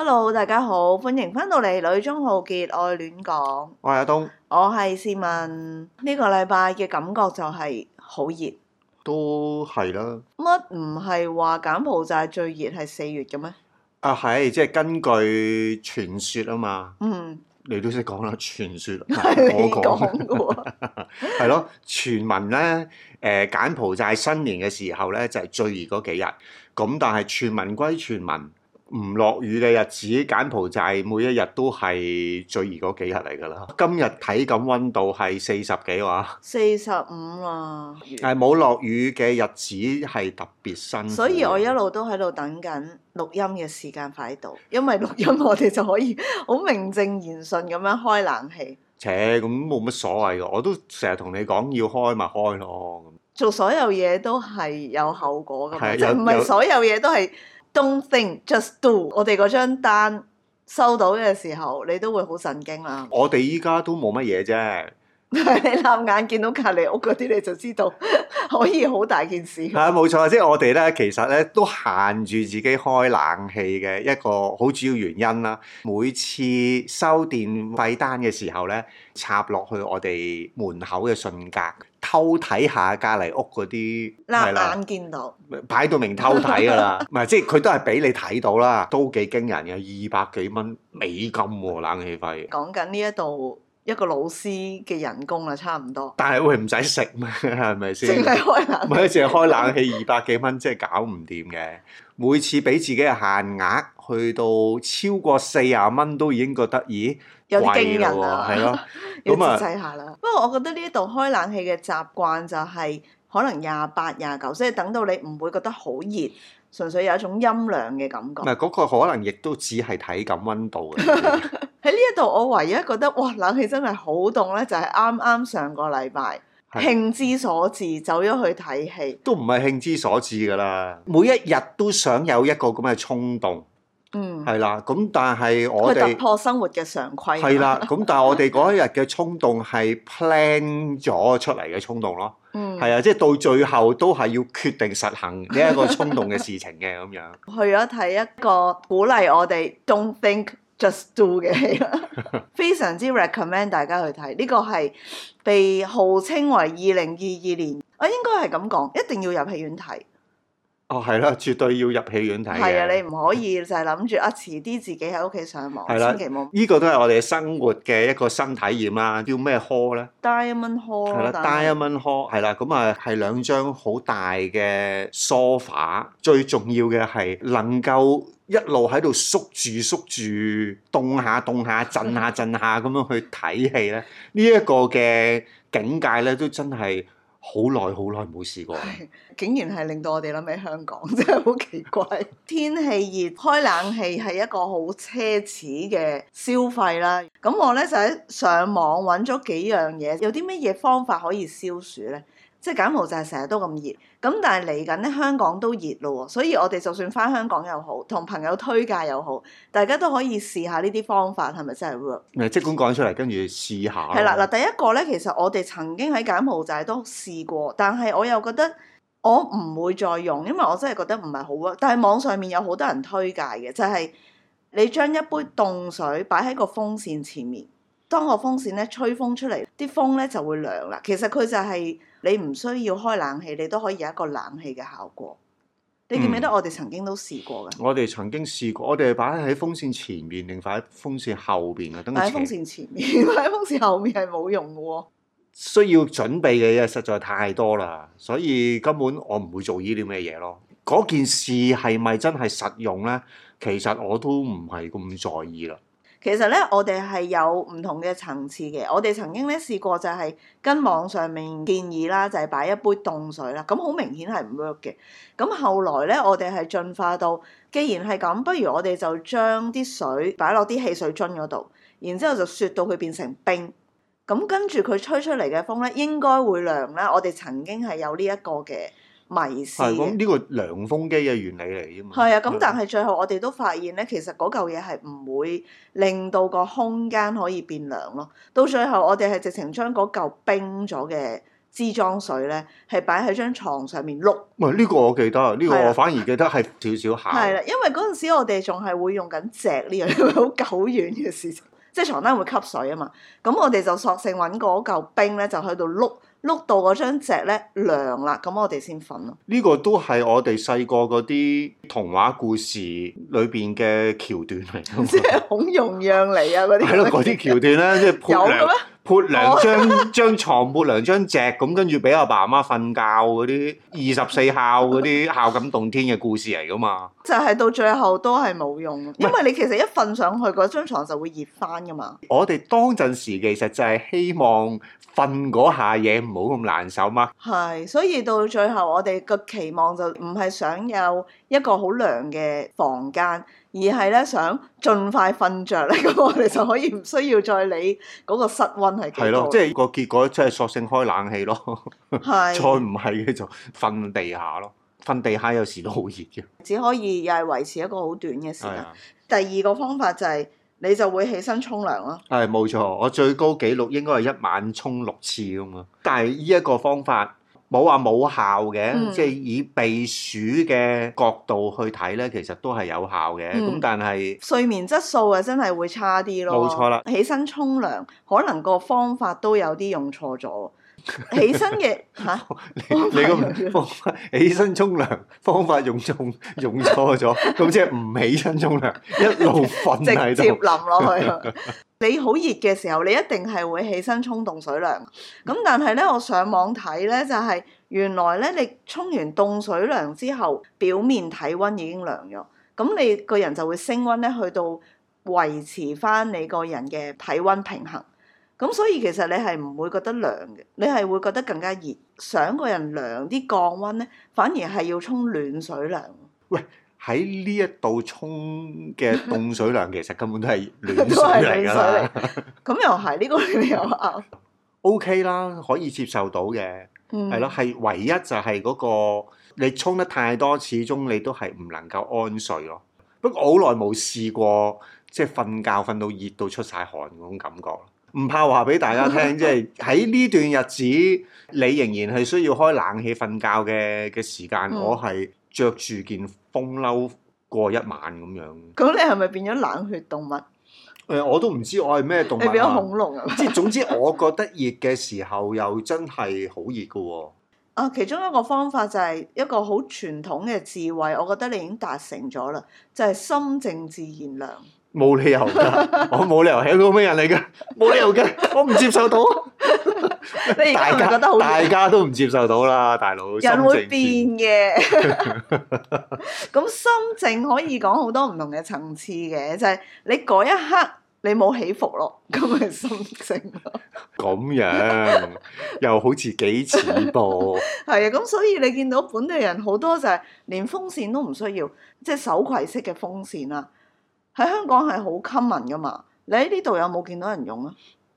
Hello，大家好，歡迎翻到嚟《女中豪傑愛亂講》。我係阿東，我係士文。呢、這個禮拜嘅感覺就係好熱，都係啦。乜唔係話柬埔寨最熱係四月嘅咩？啊係，即係根據傳說啊嘛。嗯，你都識講啦，傳說 我講嘅喎，係 咯。傳聞咧，誒、呃，柬埔寨新年嘅時候咧就係最熱嗰幾日。咁但係傳聞歸傳聞。唔落雨嘅日子，柬埔寨每一日都係最熱嗰幾日嚟㗎啦。今日體感溫度係四十幾話，四十五啊。係冇落雨嘅日子係特別辛苦，所以我一路都喺度等緊錄音嘅時間快到，因為錄音我哋就可以好名正言順咁樣開冷氣。扯咁冇乜所謂㗎，我都成日同你講要開咪開咯。做所有嘢都係有後果㗎的，即係唔係所有嘢都係。Don't think, just do。我哋嗰張單收到嘅時候，你都會好神經啦。我哋依家都冇乜嘢啫， 你臘眼見到隔離屋嗰啲你就知道， 可以好大件事。係啊， 冇錯即係我哋咧，其實咧都限住自己開冷氣嘅一個好主要原因啦。每次收電費單嘅時候咧，插落去我哋門口嘅信格。偷睇下隔離屋嗰啲，冷 的眼見到，擺到明偷睇㗎啦。唔係， 即係佢都係俾你睇到啦，都幾驚人嘅，二百幾蚊美金喎、啊、冷氣費。講緊呢一度一個老師嘅人工啊，差唔多。但係會唔使食咩？係咪先？淨係開冷氣，唔係淨係開冷氣二百幾蚊，即係搞唔掂嘅。每次俾自己嘅限額，去到超過四十蚊都已經覺得，咦，有啲驚人喎，係咯，下啊，不過我覺得呢一度開冷氣嘅習慣就係可能廿八廿九，即係等到你唔會覺得好熱，純粹有一種陰涼嘅感覺。唔係嗰個可能亦都只係體感溫度。喺呢一度，我唯一覺得哇冷氣真係好凍咧，就係啱啱上個禮拜。興之所至，走咗去睇戲。都唔係興之所至噶啦，每一日都想有一個咁嘅衝動。嗯，係啦。咁但係我哋突破生活嘅常規。係啦。咁但係我哋嗰一日嘅衝動係 plan 咗出嚟嘅衝動咯。嗯。係啊，即係到最後都係要決定實行呢一個衝動嘅事情嘅咁樣。 去咗睇一個鼓勵我哋，don't think。Just do 嘅戲啦，非常之 recommend 大家去睇，呢、這個係被號稱為二零二二年，我應該係咁講，一定要入戲院睇。哦，係啦，絕對要入戲院睇嘅。係啊，你唔可以就係諗住啊，遲啲自己喺屋企上網。係啦，千祈冇。呢個都係我哋生活嘅一個新體驗啊！叫咩 hall 咧？Diamond Hall 係啦，Diamond Hall 係啦，咁啊係兩張好大嘅梳化，最重要嘅係能夠一路喺度縮住縮住，凍下凍下，震下震下咁樣去睇戲咧。呢一個嘅境界咧，都真係～好耐好耐冇試過，哎，竟然係令到我哋諗起香港，真係好奇怪。 天氣熱，開冷氣係一個好奢侈嘅消費啦。咁我咧就喺上網揾咗幾樣嘢，有啲乜嘢方法可以消暑咧？即係柬埔寨成日都咁熱。咁但係嚟緊咧，香港都熱咯，所以我哋就算翻香港又好，同朋友推介又好，大家都可以試下呢啲方法，係咪真係 work？即管講出嚟，跟住試下。係啦，嗱，第一個咧，其實我哋曾經喺柬埔寨都試過，但係我又覺得我唔會再用，因為我真係覺得唔係好 work。但係網上面有好多人推介嘅，就係你將一杯凍水擺喺個風扇前面，當個風扇咧吹風出嚟，啲風咧就會涼啦。其實佢就係。你唔需要開冷氣，你都可以有一個冷氣嘅效果。你記唔記得我哋曾經都試過㗎？我哋曾經試過，我哋擺喺風扇前面定擺喺風扇後面嘅？擺喺風扇前面，擺喺風扇後面係冇用嘅喎。需要準備嘅嘢實在太多啦，所以根本我唔會做呢啲咩嘢咯。嗰件事係咪真係實用咧？其實我都唔係咁在意啦。其實咧，我哋係有唔同嘅層次嘅。我哋曾經咧試過就係跟網上面建議啦，就係擺一杯凍水啦。咁好明顯係唔 work 嘅。咁後來咧，我哋係進化到，既然係咁，不如我哋就將啲水擺落啲汽水樽嗰度，然之後就雪到佢變成冰。咁跟住佢吹出嚟嘅風咧，應該會涼啦。我哋曾經係有呢一個嘅。迷思係咁，呢個涼風機嘅原理嚟嘅嘛。係啊，咁但係最後我哋都發現咧，其實嗰嚿嘢係唔會令到個空間可以變涼咯。到最後我哋係直情將嗰嚿冰咗嘅支裝水咧，係擺喺張床上面碌。唔係呢個我記得，啊，呢個我反而記得係少少下，係啦，因為嗰陣時我哋仲係會用緊隻呢樣好久遠嘅事情，即係床單會吸水啊嘛。咁我哋就索性揾嗰嚿冰咧，就喺度碌。碌到嗰張席咧，涼啦，咁我哋先瞓咯。呢個都係我哋細個嗰啲童話故事裏邊嘅橋段嚟。 即係孔融讓梨啊嗰啲。嗰啲橋段咧，即係鋪兩鋪兩張張牀，鋪兩張席咁，跟住俾阿爸阿媽瞓覺嗰啲二十四孝嗰啲孝感動天嘅故事嚟噶嘛。 就係到最後都係冇用，因為你其實一瞓上去嗰張牀就會熱翻噶嘛。 我哋當陣時其實就係希望瞓嗰下嘢。冇咁難受嗎？係，所以到最後我哋個期望就唔係想有一個好涼嘅房間，而係咧想盡快瞓着咧，咁我哋就可以唔需要再理嗰個室溫係幾高。係咯，即係個結果即係索性開冷氣咯。係的，再唔係嘅就瞓地下咯，瞓地下有時都好熱嘅，只可以又係維持一個好短嘅時間。的第二個方法就係。你就會起身沖涼咯。係，冇錯，我最高記錄應該係一晚沖六次咁啊。但係呢一個方法冇話冇效嘅，嗯、即係以避暑嘅角度去睇咧，其實都係有效嘅。咁、嗯、但係是睡眠質素啊，真係會差啲咯。冇錯啦，起身沖涼可能個方法都有啲用錯咗。起身嘅吓，啊、你個方法，方法起身沖涼方法用錯用錯咗，咁 即係唔起身沖涼，一路瞓 直接淋落去。你好熱嘅時候，你一定係會起身沖凍水涼。咁但係咧，我上網睇咧就係、是、原來咧，你沖完凍水涼之後，表面體溫已經涼咗，咁你個人就會升溫咧，去到維持返你個人嘅體溫平衡。咁所以其實你係唔會覺得涼嘅，你係會覺得更加熱。想個人涼啲降溫咧，反而係要沖暖水涼。喂，喺呢一度沖嘅凍水涼， 其實根本都係暖水嚟㗎啦，咁 又係呢、呢個你又啱。O、okay、K 啦，可以接受到嘅，係咯、嗯，係唯一就係嗰、嗰個你沖得太多，始終你都係唔能夠安睡咯。不過好耐冇試過，即係瞓覺瞓到熱到出晒汗嗰種感覺。唔怕話俾大家聽，即係喺呢段日子，你仍然係需要開冷氣瞓覺嘅嘅時間，嗯、我係着住件風褸過一晚咁樣。咁你係咪變咗冷血動物？誒，我都唔知我係咩動物。你變咗恐龍？即係總之，我覺得熱嘅時候又真係好熱噶啊，其中一個方法就係一個好傳統嘅智慧，我覺得你已經達成咗啦，就係心靜自然涼。冇理由噶， 我冇理由係個咩人嚟噶，冇理由嘅，我唔接受到。大家都唔接受到啦，大佬。人會變嘅。咁 心靜可以講好多唔同嘅層次嘅，就係、是、你嗰一刻你冇起伏咯，咁嘅心靜咯。咁 樣又好似幾似噃？係啊， 咁所以你見到本地人好多就係連風扇都唔需要，即、就、係、是、手攜式嘅風扇啦、啊。喺香港係好 common 噶嘛？你喺呢度有冇見到人用啊？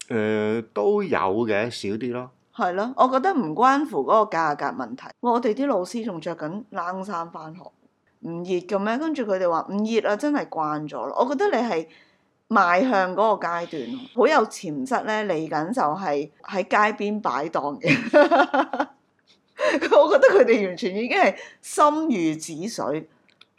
誒、呃、都有嘅，少啲咯。係咯，我覺得唔關乎嗰個價格問題。我哋啲老師仲着緊冷衫翻學，唔熱噉樣。跟住佢哋話唔熱啊，真係慣咗咯。我覺得你係邁向嗰個階段，好有潛質咧。嚟緊就係喺街邊擺檔嘅。 我覺得佢哋完全已經係心如止水。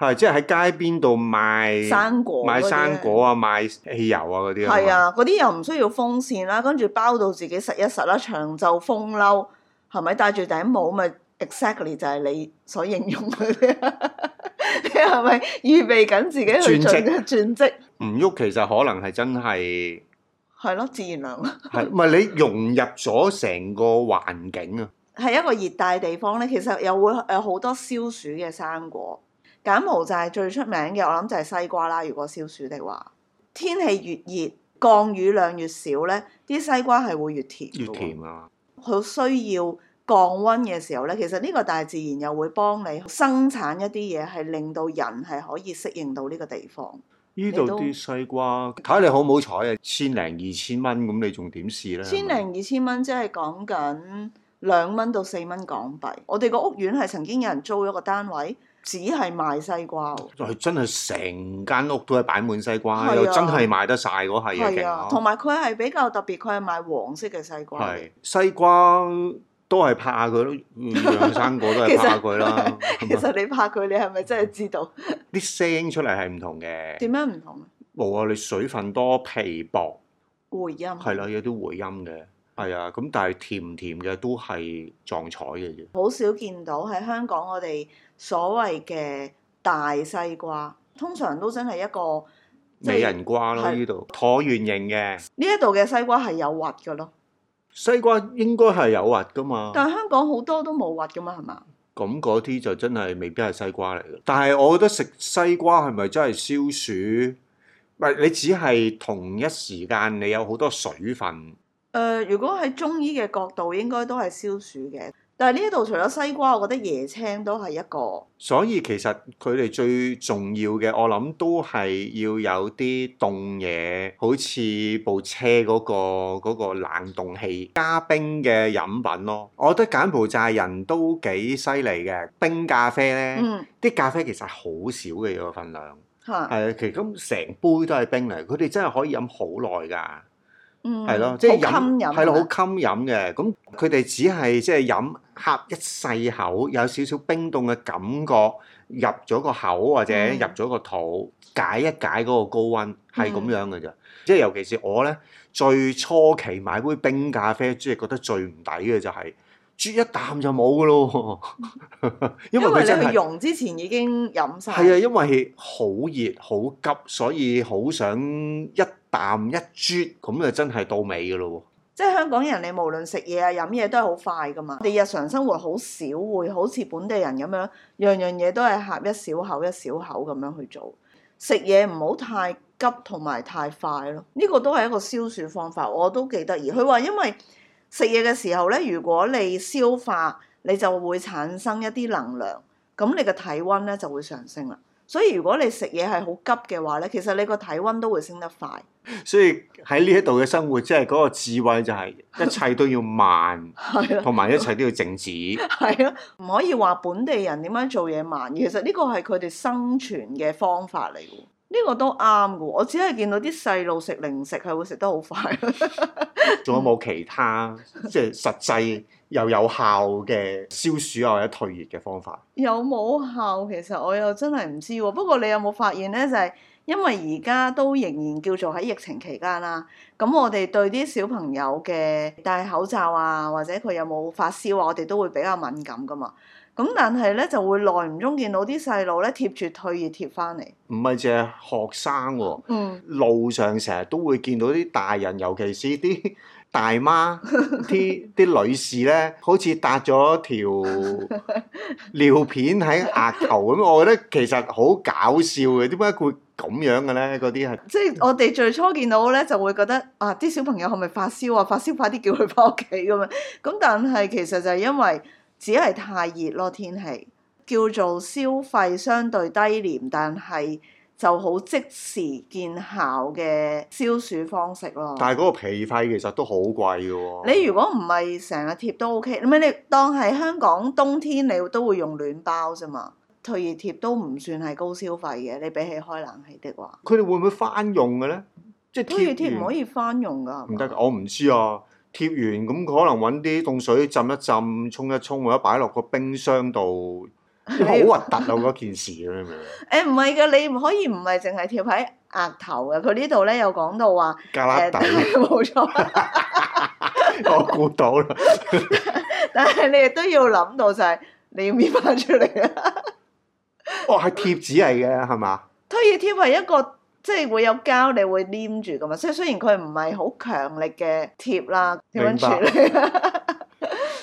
係，即係喺街邊度賣生果、賣生果啊、賣汽油啊嗰啲。係啊，嗰啲又唔需要風扇啦，跟住包到自己實一實啦，長袖風褸係咪？戴住頂帽，咪 exactly 就係你所形容嗰啲。你係咪預備緊自己轉職？轉職唔喐，其實可能係真係係咯，自然涼咯。係唔係你融入咗成個環境啊？係一個熱帶地方咧，其實又會有好多消暑嘅生果。柬埔寨最出名嘅，我諗就係西瓜啦。如果消暑的話，天氣越熱，降雨量越少，呢啲西瓜係會越甜。越甜啊，好需要降溫嘅時候呢。其實呢個大自然又會幫你生產一啲嘢，係令到人係可以適應到呢個地方。呢度啲西瓜睇下你，都你好唔好彩啊，千零二千蚊咁，你仲點試呢？千零二千蚊即係講緊。兩蚊到四蚊港幣，我哋個屋苑係曾經有人租咗個單位，只係賣西瓜喎。係真係成間屋都係擺滿西瓜，又真係賣得曬嗰係嘢勁咯。同埋佢係比較特別，佢係賣黃色嘅西瓜。係西瓜都係拍下佢，兩三個都係拍下佢啦。其實你拍佢，你係咪真係知道？啲聲出嚟係唔同嘅。點樣唔同？冇啊！你水分多皮薄，回音係啦，有啲回音嘅。係啊，咁、哎、但係甜甜嘅都係撞彩嘅嘅。好少見到喺香港，我哋所謂嘅大西瓜，通常都真係一個、就係、美人瓜咯。呢度係橢圓形嘅呢一度嘅西瓜係有核噶咯。西瓜應該係有核噶嘛？但係香港好多都冇核噶嘛，係嘛？咁嗰啲就真係未必係西瓜嚟嘅。但係我覺得食西瓜係咪真係消暑？唔係，你只係同一時間你有好多水分。誒、呃，如果喺中醫嘅角度，應該都係消暑嘅。但係呢一度除咗西瓜，我覺得椰青都係一個。所以其實佢哋最重要嘅，我諗都係要有啲凍嘢，好似部車嗰、嗰個嗰個冷凍器加冰嘅飲品咯。我覺得柬埔寨人都幾犀利嘅，冰咖啡咧，啲、嗯、咖啡其實好少嘅、這個分量，係啊的，其實咁成杯都係冰嚟，佢哋真係可以飲好耐㗎。嗯，係咯，即係飲，係咯、嗯，好禁飲嘅。咁佢哋只係即係飲呷一細口，有少少冰凍嘅感覺，入咗個口或者入咗個肚，解一解嗰個高溫，係咁、嗯、樣嘅啫。即係尤其是我咧，最初期買杯冰咖啡，即係覺得最唔抵嘅就係、是、啜一啖就冇噶咯， 因為佢真係。因為你去溶之前已經飲晒。係啊， 因為好熱好急，所以好想一。啖一啜，咁就真係到尾嘅咯喎！即係香港人，你無論食嘢啊飲嘢都係好快嘅嘛。你日常生活好少會好似本地人咁樣，樣樣嘢都係合一小口一小口咁樣去做。食嘢唔好太急同埋太快咯，呢個都係一個消暑方法，我都幾得意。而佢話，因為食嘢嘅時候咧，如果你消化，你就會產生一啲能量，咁你嘅體温咧就會上升啦。所以如果你食嘢係好急嘅話咧，其實你個體温都會升得快。所以喺呢一度嘅生活，即係嗰個智慧就係一切都要慢，同埋 一切都要靜止。係咯、 啊，唔可以話本地人點樣做嘢慢，其實呢個係佢哋生存嘅方法嚟。呢、呢個都啱嘅，我只係見到啲細路食零食係會食得好快。仲 有冇其他即係、就是、實際？又有效嘅消暑啊或者退熱嘅方法有冇效？其實我又真係唔知喎。不過你有冇發現呢？就係因為而家都仍然叫做喺疫情期間啦。咁我哋對啲小朋友嘅戴口罩啊，或者佢有冇發燒啊，我哋都會比較敏感噶嘛。咁但係呢，就會耐唔中見到啲細路呢貼住退熱貼翻嚟。唔係淨係學生喎，啊，嗯、路上成日都會見到啲大人，尤其是啲。大媽啲啲女士咧，好似搭咗條尿片喺額頭咁，我覺得其實好搞笑嘅。點解會咁樣嘅咧？嗰啲係即係我哋最初見到咧，就會覺得啊，啲小朋友係咪發燒啊？發燒快啲叫佢返屋企咁啊！咁但係其實就係因為只係太熱咯，天氣叫做消費相對低廉，但係。就好即時見效嘅消暑方式咯。但係嗰個皮費其實都好貴嘅喎。你如果唔係成日貼都 OK，唔係你當係香港冬天，你都會用暖包啫嘛。退熱貼都唔算係高消費嘅，你比起開冷氣的話。佢哋會唔會翻用嘅咧？即係退熱貼唔可以翻用㗎。唔得㗎，我唔知啊。貼完咁可能揾啲凍水浸一浸，沖一沖，或者擺落個冰箱度。好核突啊！嗰件事咁樣樣。誒唔係噶，你唔、欸、可以唔係淨係貼喺額頭嘅。佢呢度咧又講到話誒，冇、欸、錯。我估到啦。但係你亦都要諗到就係，你要搣翻出嚟啊！ 哦，係貼紙嚟嘅係嘛？退熱貼係一個即係會有膠，你會黏住噶嘛。即雖雖然佢唔係好強力嘅貼啦，點樣處理？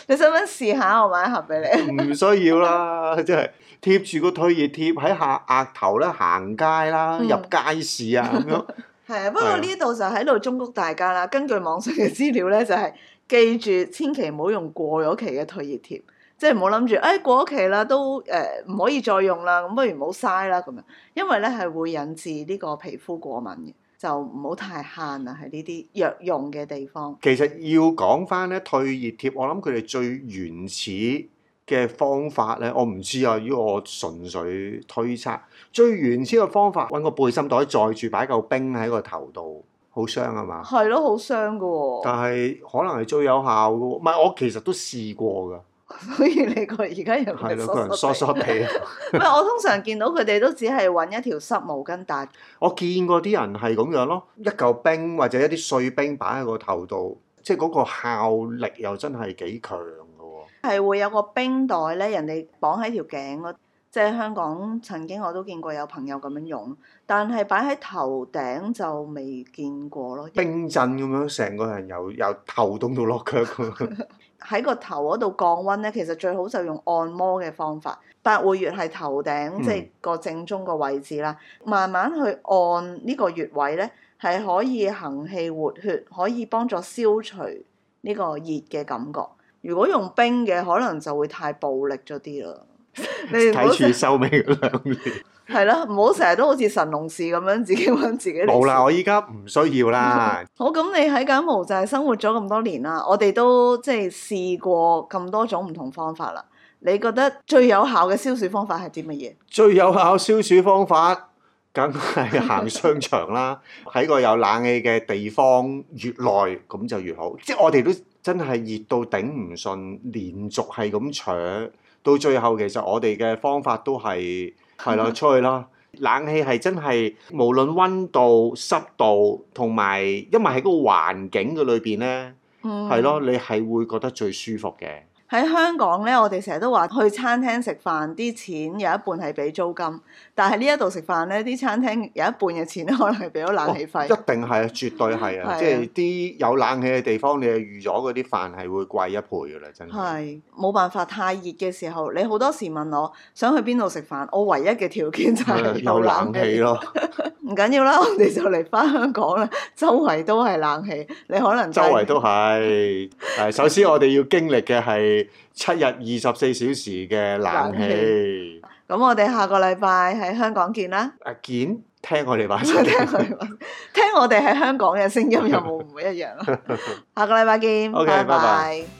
你使唔使試下？我買一盒俾你。唔需要啦，即係 貼住個退熱貼喺下額頭咧，行街啦，嗯、入街市啊咁。係 樣 啊，不過呢度就喺度忠告大家啦。根據網上嘅資料咧，就係、係、記住千祈唔好用過咗期嘅退熱貼，即係唔好諗住誒過咗期啦都誒唔、呃、可以再用啦，咁不如唔好嘥啦咁樣，因為咧係會引致呢個皮膚過敏嘅。就唔好太限喇。喺呢啲藥用嘅地方，其實要講翻咧退熱貼，我諗佢哋最原始嘅方法咧，我唔知啊，如果我純粹推測，最原始嘅方法揾個背心袋載住擺嚿冰喺個頭度，好傷吖嘛？係咯，好傷㗎喎、哦。但係可能係最有效㗎喎，唔係我其實都試過㗎。所以你個人而家又係兩個人疏疏地，唔係我通常見到佢哋都只係揾一條濕毛巾搭。我見過啲人係咁樣咯，一嚿冰或者一啲碎冰擺喺個頭度，即係嗰個效力又真係幾強㗎喎。係會有個冰袋咧，人哋綁喺條頸嗰，即係香港曾經我都見過有朋友咁樣用，但係擺喺頭頂就未見過咯。冰鎮咁樣，成個人又又頭凍到落腳咁。喺個頭嗰度降溫咧，其實最好就用按摩嘅方法。百會穴係頭頂，嗯、即係個正中個位置啦，慢慢去按呢個穴位咧，係可以行氣活血，可以幫助消除呢個熱嘅感覺。如果用冰嘅，可能就會太暴力咗啲啦。你睇住收尾兩年。係咯，唔好成日都好似神農氏咁樣自己揾自己。冇啦，我依家唔需要啦。 好，咁你喺柬埔寨生活咗咁多年啦，我哋都即係試過咁多種唔同方法啦。你覺得最有效嘅消暑方法係啲乜嘢？最有效消暑方法，梗係行商場啦，喺 個有冷氣嘅地方越耐咁就越好。即係我哋都真係熱到頂唔順，連續係咁搶，到最後其實我哋嘅方法都係。係咯，出去咯！冷氣係真係無論溫度、濕度同埋，因為喺嗰個環境嘅裏邊咧，係咯、嗯，你係會覺得最舒服嘅。喺香港咧，我哋成日都話去餐廳食飯啲錢有一半係俾租金，但係呢一度食飯咧，啲餐廳有一半嘅錢可能係俾咗冷氣費。哦、一定係，絕對係啊！是即係啲有冷氣嘅地方，你預咗嗰啲飯係會貴一倍噶啦，真係。係冇辦法，太熱嘅時候，你好多時問我想去邊度食飯，我唯一嘅條件就係有冷氣咯。唔緊要啦，我哋就嚟翻香港啦，周圍都係冷氣，你可能周圍都係。誒， 首先我哋要經歷嘅係。七日二十四小時嘅冷氣，咁我哋下個禮拜喺香港見啦。阿健，聽我哋話聲， 聽我哋話，聽我哋喺香港嘅聲音有冇唔一樣啊？ 下個禮拜見，OK，拜拜。